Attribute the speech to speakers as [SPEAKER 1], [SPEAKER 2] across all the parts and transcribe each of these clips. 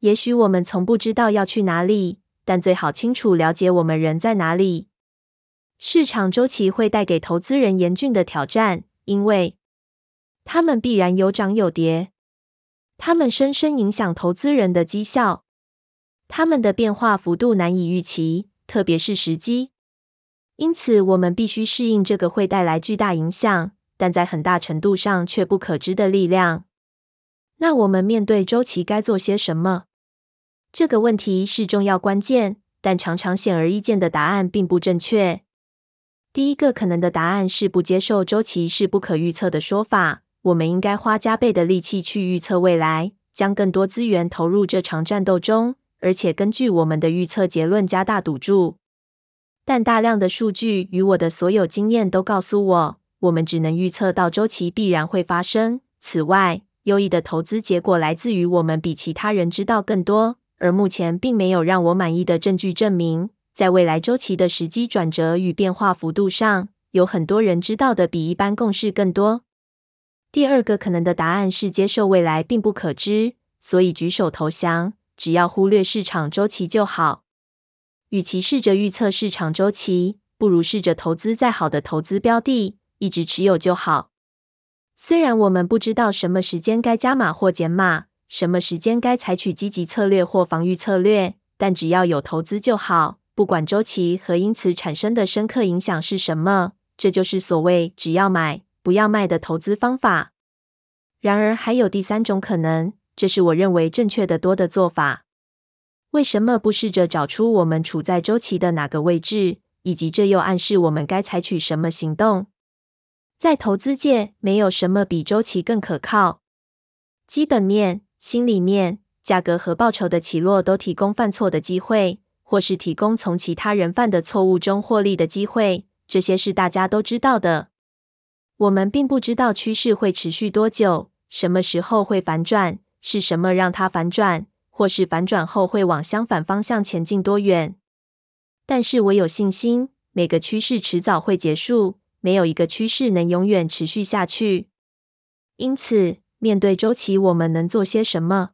[SPEAKER 1] 也許我們從不知道要去哪裡，但最好清楚了解我們人在哪裡。市場週期會帶給投資人嚴峻的挑戰，因為他們必然有漲有跌，他們深深影響投資人的績效，他們的變化幅度難以預期，特別是時機。因此，我們必須適應這個會帶來巨大影響，但在很大程度上卻不可知的力量。那我們面對週期該做些什麼？這個問題是重要關鍵，但常常顯而易見的答案並不正確。第一個可能的答案是不接受周期是不可預測的說法。我們應該花加倍的力氣去預測未來，將更多資源投入這場戰鬥中，而且根據我們的預測結論加大賭注。但大量的數據與我的所有經驗都告訴我，我們只能預測到周期必然會發生。此外，優異的投資結果來自於我們比其他人知道更多。而目前並沒有讓我滿意的證據證明，在未來周期的時機轉折與變化幅度上，有很多人知道的比一般共識更多。第二個可能的答案是接受未來並不可知，所以舉手投降，只要忽略市場周期就好。與其試着預測市場周期，不如試着投資再好的投資標的，一直持有就好。雖然我們不知道什麼時間該加碼或減碼。什麼時間該採取積極策略或防禦策略？但只要有投資就好，不管週期和因此產生的深刻影響是什麼，這就是所謂“只要買，不要賣”的投資方法。然而，還有第三種可能，這是我認為正確得多的做法。為什麼不試着找出我們處在週期的哪個位置，以及這又暗示我們該採取什麼行動？在投資界，沒有什麼比週期更可靠。基本面。心裡面，價格和報酬的起落都提供犯錯的機會，或是提供從其他人犯的錯誤中獲利的機會。這些是大家都知道的。我們並不知道趨勢會持續多久，什麼時候會反轉，是什麼讓它反轉，或是反轉後會往相反方向前進多遠？但是我有信心，每個趨勢遲早會結束，沒有一個趨勢能永遠持續下去。因此。面對週期，我們能做些什麼？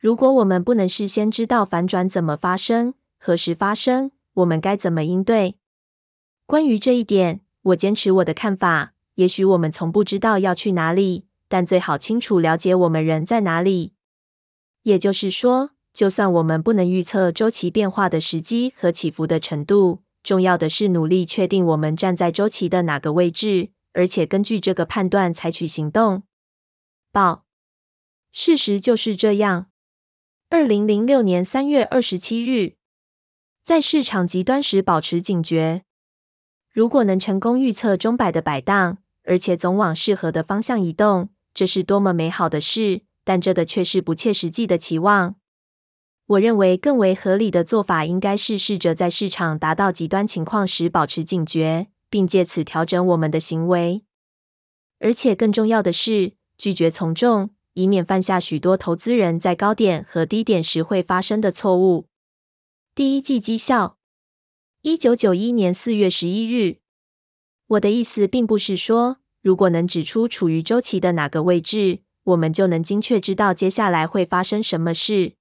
[SPEAKER 1] 如果我們不能事先知道反轉怎麼發生、何時發生，我們該怎麼應對？關於這一點，我堅持我的看法。也許我們從不知道要去哪裡，但最好清楚了解我們人在哪裡。也就是說，就算我們不能預測週期變化的時機和起伏的程度，重要的是努力確定我們站在週期的哪個位置，而且根據這個判斷採取行動。報事實就是這樣。二零零六年三月二十七日，在市場極端時保持警覺。如果能成功預測鐘擺的擺盪，而且總往適合的方向移動，這是多麼美好的事！但這的確是不切實際的期望。我認為更為合理的做法應該是試着在市場達到極端情況時保持警覺，並借此調整我們的行為。而且更重要的是。拒絕從眾，以免犯下許多投資人在高點和低點時會發生的錯誤。第一季績效，一九九一年四月十一日。我的意思並不是說，如果能指出處於週期的哪個位置，我們就能精確知道接下來會發生什麼事。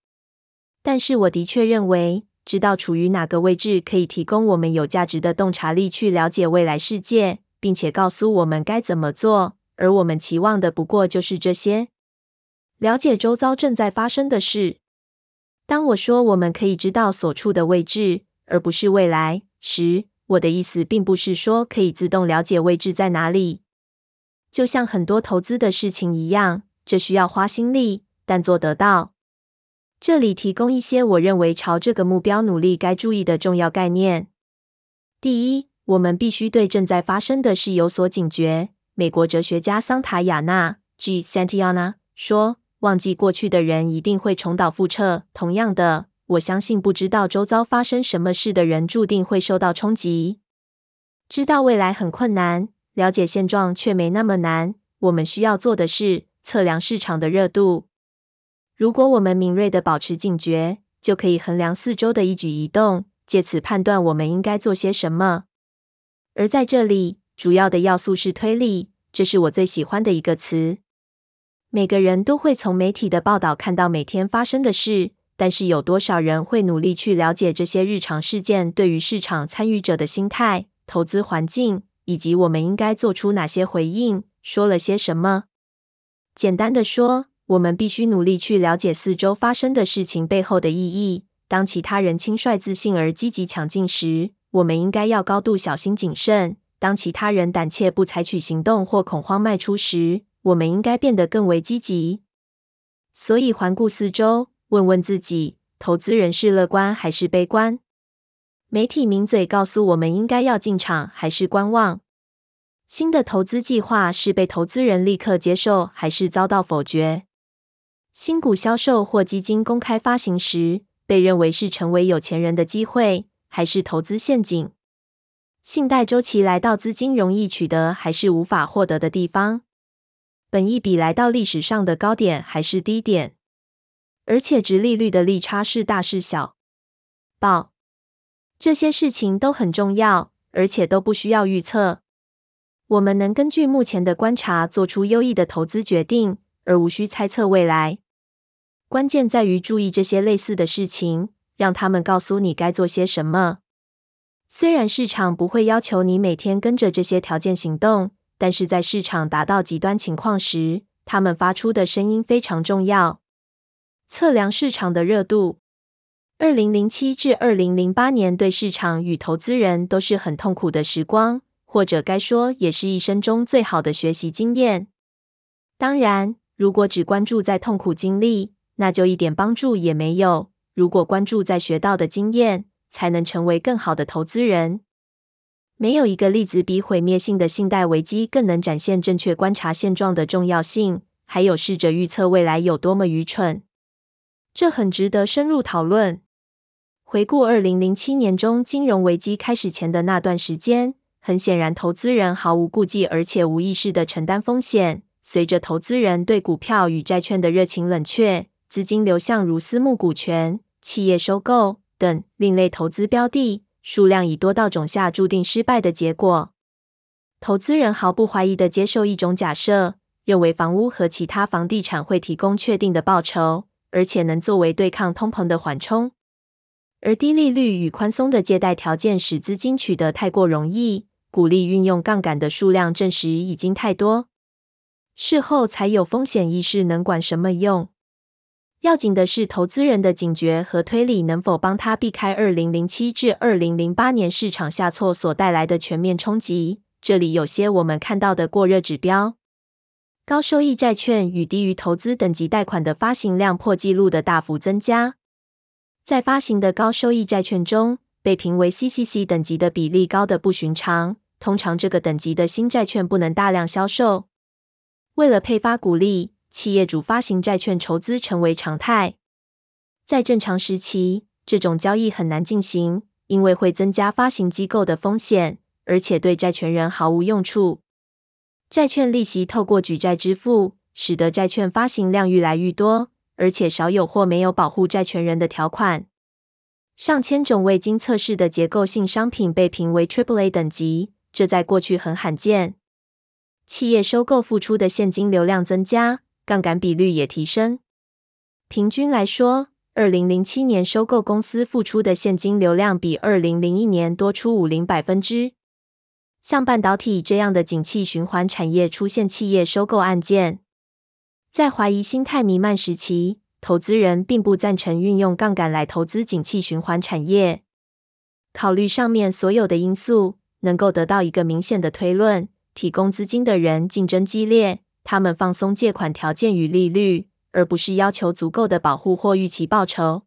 [SPEAKER 1] 但是我的確認為，知道處於哪個位置可以提供我們有價值的洞察力，去了解未來世界，並且告訴我們該怎麼做。而我們期望的不過就是這些，了解周遭正在發生的事。當我說我們可以知道所處的位置，而不是未來時，我的意思並不是說可以自動了解位置在哪裡。就像很多投資的事情一樣，這需要花心力，但做得到。這裡提供一些我認為朝這個目標努力該注意的重要概念。第一，我們必須對正在發生的事有所警覺。美國哲學家桑塔亞納 （G. Santayana） 說：“忘記過去的人一定會重蹈覆轍。同樣的，我相信不知道周遭發生什麼事的人注定會受到衝擊。知道未來很困難，了解現狀卻沒那麼難。我們需要做的是測量市場的熱度。如果我們敏銳地保持警覺，就可以衡量四周的一舉一動，借此判斷我們應該做些什麼。而在這裡。”主要的要素是推力，這是我最喜歡的一個詞。每個人都會從媒體的報道看到每天發生的事，但是有多少人會努力去了解這些日常事件對於市場參與者的心態、投資環境，以及我們應該做出哪些回應？說了些什麼？簡單的說，我們必須努力去了解四周發生的事情背後的意義。當其他人輕率、自信而積極、搶進時，我們應該要高度小心謹慎。當其他人膽怯不採取行動或恐慌賣出時，我們應該變得更為積極。所以環顧四周，問問自己，投資人是樂觀還是悲觀？媒體名嘴告訴我們應該要進場還是觀望？新的投資計劃是被投資人立刻接受還是遭到否決？新股銷售或基金公開發行時，被認為是成為有錢人的機會，還是投資陷阱？信貸周期來到資金容易取得還是無法獲得的地方？本益比來到歷史上的高點還是低點？而且，殖利率的利差是大是小？報這些事情都很重要，而且都不需要預測。我們能根據目前的觀察做出優異的投資決定，而無需猜測未來。關鍵在於注意這些類似的事情，讓他們告訴你該做些什麼。雖然市場不會要求你每天跟着這些條件行動，但是在市場達到極端情況時，他們發出的聲音非常重要。測量市場的熱度。二零零七至二零零八年對市場與投資人都是很痛苦的時光，或者該說也是一生中最好的學習經驗。當然，如果只關注在痛苦經歷，那就一點幫助也沒有，如果關注在學到的經驗，才能成為更好的投資人。沒有一個例子比毀滅性的信貸危機更能展現正確觀察現狀的重要性，還有試着預測未來有多麼愚蠢。這很值得深入討論。回顧二零零七年中金融危機開始前的那段時間，很顯然投資人毫無顧忌而且無意識地承擔風險。隨着投資人對股票與債券的熱情冷卻，資金流向如私募股權、企業收購。等另類投資標的數量已多到種下注定失敗的結果。投資人毫不懷疑地接受一種假設，認為房屋和其他房地產會提供確定的報酬，而且能作為對抗通膨的緩衝。而低利率與寬鬆的借貸條件使資金取得太過容易，鼓勵運用槓桿的數量證實已經太多。事後才有風險意識，能管什麼用？要緊的是，投資人的警覺和推理能否幫他避開二零零七至二零零八年市場下挫所帶來的全面衝擊？這裡有些我們看到的過熱指標：高收益債券與低於投資等級貸款的發行量破紀錄的大幅增加。在發行的高收益債券中，被評為 CCC 等級的比例高得不尋常。通常，這個等級的新債券不能大量銷售。為了配發股利，企業主發行債券籌資成為常態。在正常時期，這種交易很難進行，因為會增加發行機構的風險，而且對債權人毫無用處。債券利息透過舉債支付，使得債券發行量愈來愈多，而且少有或沒有保護債權人的條款。上千種未經測試的結構性商品被評為 AAA 等級，這在過去很罕見。企業收購付出的現金流量增加。槓桿比率也提升。平均來說，二零零七年收購公司付出的現金流量比二零零一年多出百分之五十。像半導體這樣的景氣循環產業出現企業收購案件，在懷疑心態瀰漫時期，投資人並不贊成運用槓桿來投資景氣循環產業。考慮上面所有的因素，能夠得到一個明顯的推論：提供資金的人競爭激烈。他們放鬆借款條件與利率，而不是要求足夠的保護或預期報酬。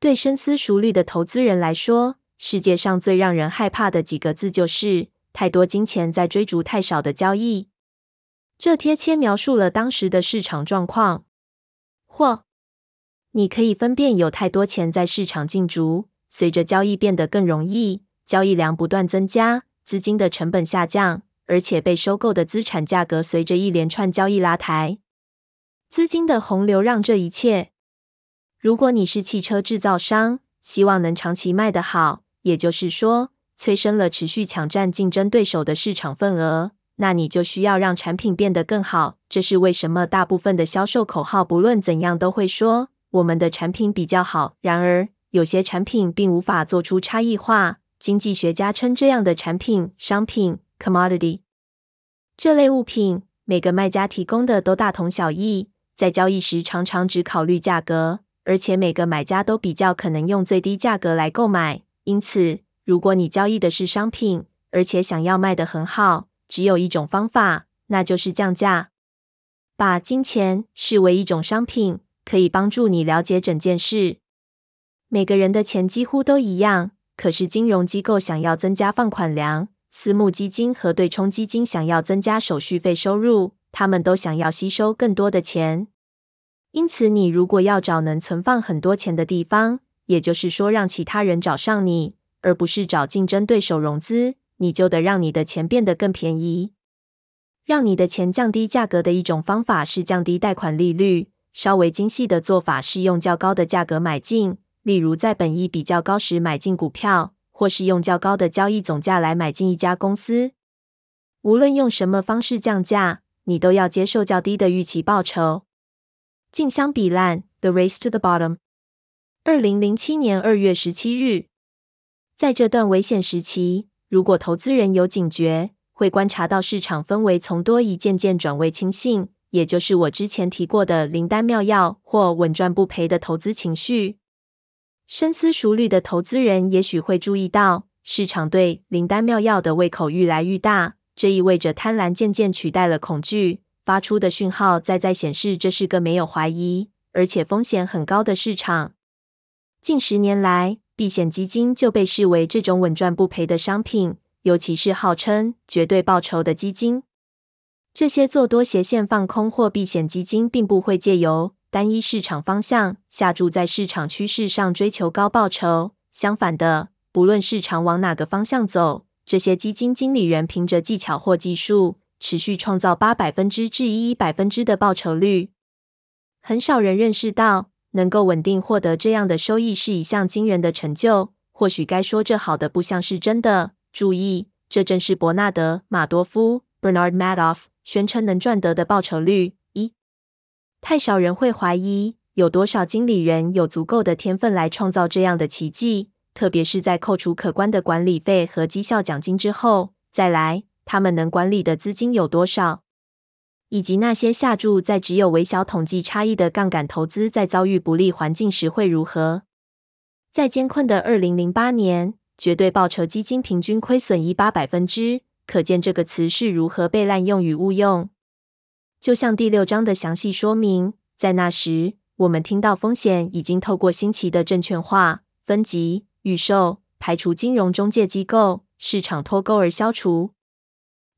[SPEAKER 1] 對深思熟慮的投資人來說，世界上最讓人害怕的幾個字就是“太多金錢在追逐太少的交易”。這貼切描述了當時的市場狀況。或，你可以分辨有太多錢在市場競逐。隨着交易變得更容易，交易量不斷增加，資金的成本下降。而且被收購的資產價格隨着一連串交易拉抬，資金的洪流讓這一切。如果你是汽車製造商，希望能長期賣得好，也就是說催生了持續搶占競爭對手的市場份額，那你就需要讓產品變得更好。這是為什麼大部分的銷售口號，不論怎樣都會說我們的產品比較好。然而，有些產品並無法做出差異化。經濟學家稱這樣的產品商品。Commodity 這類物品，每個賣家提供的都大同小異，在交易時常常只考慮價格，而且每個買家都比較可能用最低價格來購買。因此，如果你交易的是商品，而且想要賣得很好，只有一種方法，那就是降價。把金錢視為一種商品，可以幫助你了解整件事。每個人的錢幾乎都一樣，可是金融機構想要增加放款量。私募基金和對沖基金想要增加手續費收入，他們都想要吸收更多的錢。因此，你如果要找能存放很多錢的地方，也就是說讓其他人找上你，而不是找競爭對手融資，你就得讓你的錢變得更便宜。讓你的錢降低價格的一種方法是降低貸款利率，稍微精細的做法是用較高的價格買進，例如在本益比較高時買進股票。或是用較高的交易總價來買進一家公司，無論用什麼方式降價，你都要接受較低的預期報酬。競相比爛，the race to the bottom。二零零七年二月十七日，在這段危險時期，如果投資人有警覺，會觀察到市場氛圍從多疑漸漸轉為輕信，也就是我之前提過的靈丹妙藥或穩賺不賠的投資情緒。深思熟慮的投資人也許會注意到，市場對靈丹妙藥的胃口愈來愈大，這意味着貪婪漸漸取代了恐懼，發出的訊號在在顯示這是個沒有懷疑而且風險很高的市場。近十年來，避險基金就被視為這種穩賺不賠的商品，尤其是號稱絕對報酬的基金。這些做多斜線放空或避險基金並不會借由。單一市場方向下注，在市場趨勢上追求高報酬。相反的，不論市場往哪個方向走，這些基金經理人憑着技巧或技術，持續創造百分之八至百分之十一的報酬率。很少人認識到，能夠穩定獲得這樣的收益是一項驚人的成就。或許該說這好的不像是真的。注意，這正是伯納德·馬多夫 （Bernard Madoff） 宣稱能賺得的報酬率。太少人會懷疑，有多少經理人有足夠的天分來創造這樣的奇跡，特別是在扣除可觀的管理費和績效獎金之後。再來，他們能管理的資金有多少，以及那些下注在只有微小統計差異的槓桿投資，在遭遇不利環境時會如何？在艱困的二零零八年，絕對報酬基金平均虧損百分之十八，可見這個詞是如何被濫用與誤用。就像第六章的詳細說明，在那時，我們聽到風險已經透過新奇的證券化、分級、預售、排除金融中介機構、市場脫鈎而消除。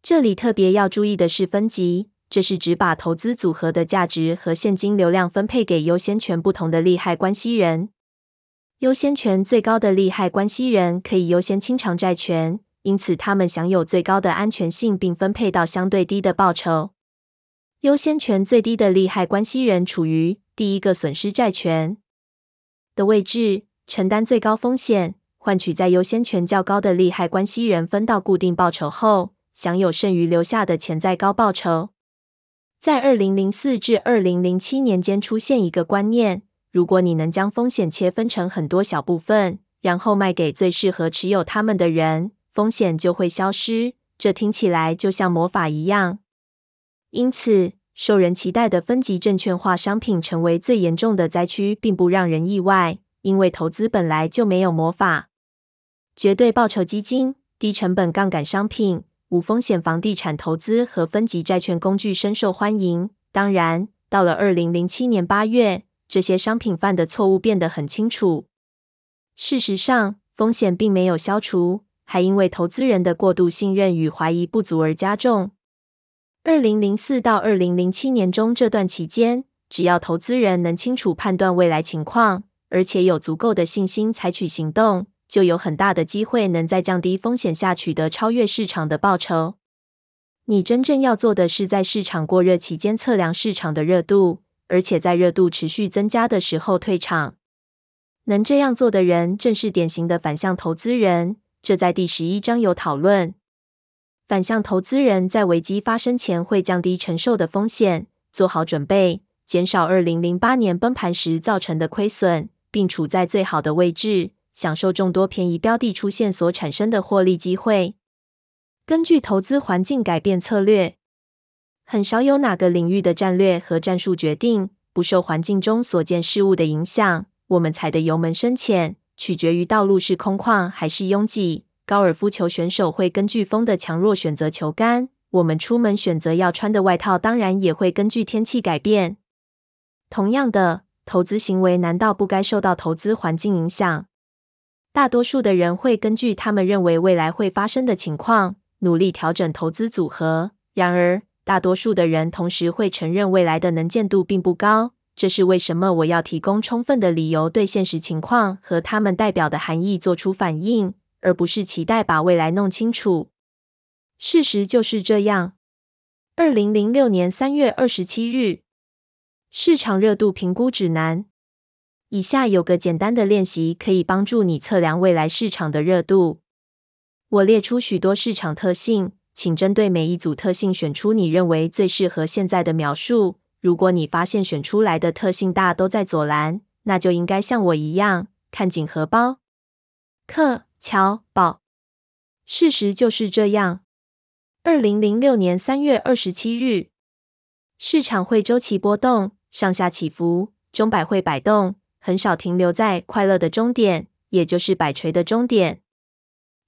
[SPEAKER 1] 這裡特別要注意的是，分級，這是指把投資組合的價值和現金流量分配給優先權不同的利害關係人。優先權最高的利害關係人可以優先清償債權，因此他們享有最高的安全性，並分配到相對低的報酬。優先權最低的利害關係人處於第一個損失債權的位置，承擔最高風險，換取在優先權較高的利害關係人分到固定報酬後，享有剩餘留下的潛在高報酬。在二零零四至二零零七年間，出現一個觀念：如果你能將風險切分成很多小部分，然後賣給最適合持有他們的人，風險就會消失。這聽起來就像魔法一樣。因此，受人期待的分級證券化商品成為最嚴重的災區，並不讓人意外。因為投資本來就沒有魔法。絕對報酬基金、低成本槓桿商品、無風險房地產投資和分級債券工具深受歡迎。當然，到了二零零七年八月，這些商品犯的錯誤變得很清楚。事實上，風險並沒有消除，還因為投資人的過度信任與懷疑不足而加重。二零零四到二零零七年中這段期間，只要投資人能清楚判斷未來情況，而且有足夠的信心採取行動，就有很大的機會能在降低風險下取得超越市場的報酬。你真正要做的是在市場過熱期間測量市場的熱度，而且在熱度持續增加的時候退場。能這樣做的人正是典型的反向投資人，這在第十一章有討論。反向投資人在危機發生前會降低承受的風險，做好準備，減少二零零八年崩盤時造成的虧損，並處在最好的位置，享受眾多便宜標的出現所產生的獲利機會。根據投資環境改變策略，很少有哪個領域的戰略和戰術決定不受環境中所見事物的影響。我們踩的油門深淺，取決於道路是空曠還是擁擠。高爾夫球選手會根據風的強弱選擇球桿。我們出門選擇要穿的外套，當然也會根據天氣改變。同樣的，投資行為難道不該受到投資環境影響？大多數的人會根據他們認為未來會發生的情況，努力調整投資組合。然而，大多數的人同時會承認未來的能見度並不高。這是為什麼我要提供充分的理由，對現實情況和他們代表的含義做出反應。而不是期待把未來弄清楚。事實就是這樣。二零零六年三月二十七日，市場熱度評估指南。以下有個簡單的練習，可以幫助你測量未來市場的熱度。我列出許多市場特性，請針對每一組特性，選出你認為最適合現在的描述。如果你發現選出來的特性大都在左欄，那就應該像我一樣，看緊荷包。課。瞧，寶，事實就是這樣。二零零六年三月二十七日，市場會周期波動，上下起伏，鐘擺會擺動，很少停留在快樂的終點，也就是擺錘的終點。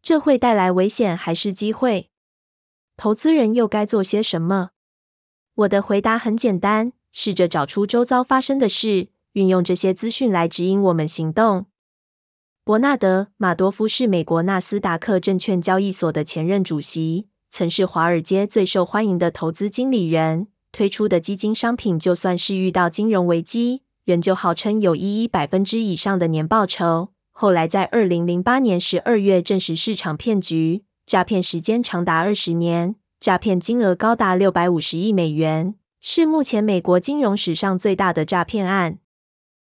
[SPEAKER 1] 這會帶來危險還是機會？投資人又該做些什麼？我的回答很簡單，試着找出周遭發生的事，運用這些資訊來指引我們行動。伯納德·馬多夫是美國納斯達克證券交易所的前任主席，曾是華爾街最受歡迎的投資經理人。推出的基金商品，就算是遇到金融危機，仍舊號稱有一一百分之以上的年報酬。後來在二零零八年十二月證實市場騙局，詐騙時間長達二十年，詐騙金額高達六百五十億美元，是目前美國金融史上最大的詐騙案。